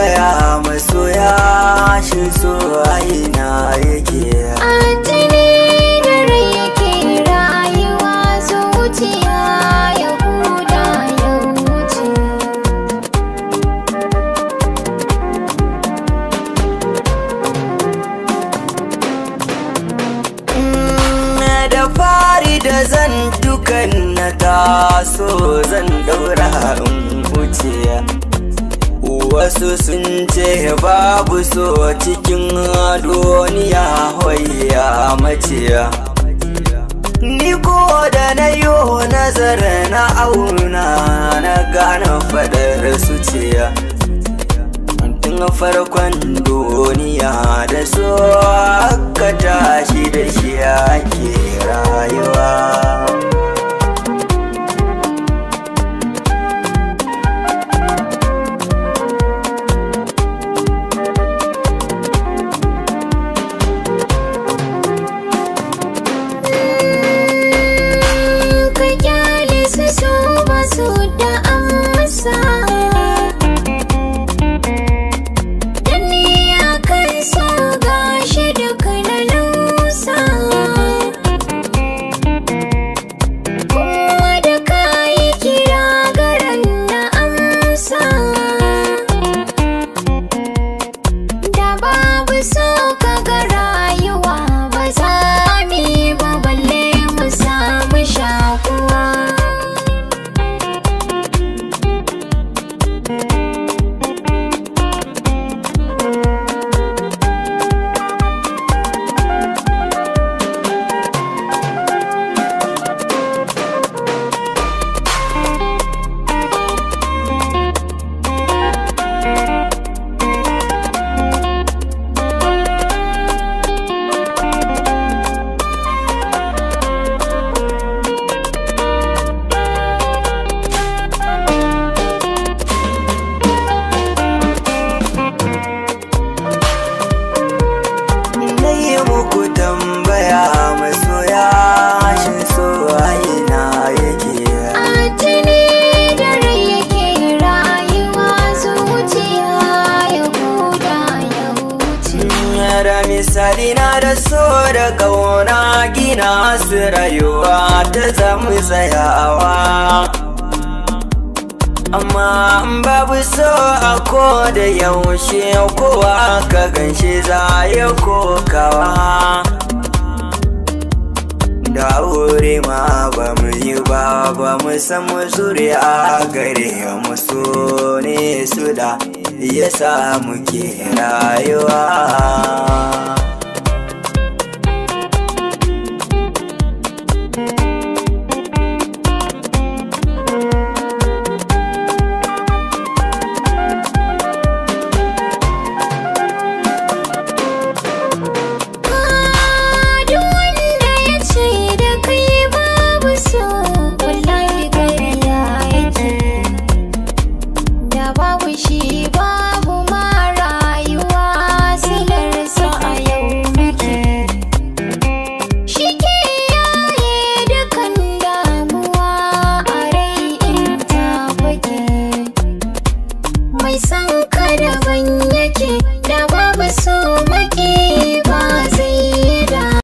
tambaya masoya shi so aina yake a jini da rai yake rayuwa zuciya ya huda ya wuce mm, da da zan dukan nata so zan ɗaura in wuce wasu sun ce babu so cikin duniya hoya maciya ni ko da na yi nazarin na auna na gane fadar su ciya tun farkon duniya da so misali na da so da kauna gina su rayuwa ta zamu tsayawa amma in babu so a ko da yaushe kowa ka ganshi za ya kokawa da wuri ma ba mu yi ba ba mu san mu a gare mu so ne su da yasa muke rayuwa